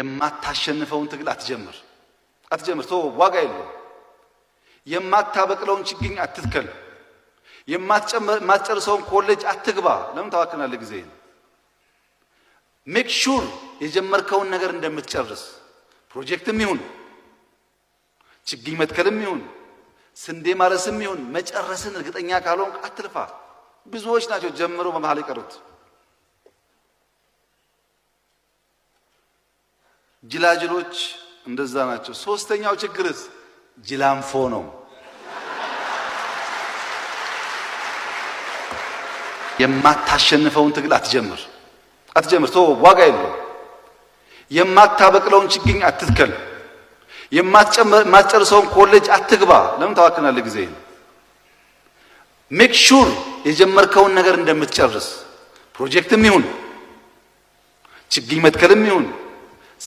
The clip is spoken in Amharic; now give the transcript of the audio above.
የማታሸንፈውን ትግል አትጀምር አትጀምር። ቶ ዋጋ የለ የማታበቅለውን ችግኝ አትትከል። የማትጨርሰውን ኮሌጅ አትግባ። ለምን ታዋክናለህ? ጊዜ ሜክ ሹር የጀመርከውን ነገር እንደምትጨርስ ፕሮጀክትም ይሁን ችግኝ መትከልም ይሁን ስንዴ ማረስም ይሁን መጨረስን እርግጠኛ ካልሆን አትልፋ። ብዙዎች ናቸው ጀምረው በመሀል የቀሩት። ጅላጅሎች እንደዛ ናቸው። ሶስተኛው ችግርስ ጅላንፎ ነው። የማታሸንፈውን ትግል አትጀምር አትጀምር፣ ቶ ዋጋ የለው። የማታበቅለውን ችግኝ አትትከል። የማትጨርሰውን ኮሌጅ አትግባ። ለምን ታዋክናለ ጊዜ ሜክ ሹር የጀመርከውን ነገር እንደምትጨርስ ፕሮጀክትም ይሁን ችግኝ መትከልም ይሁን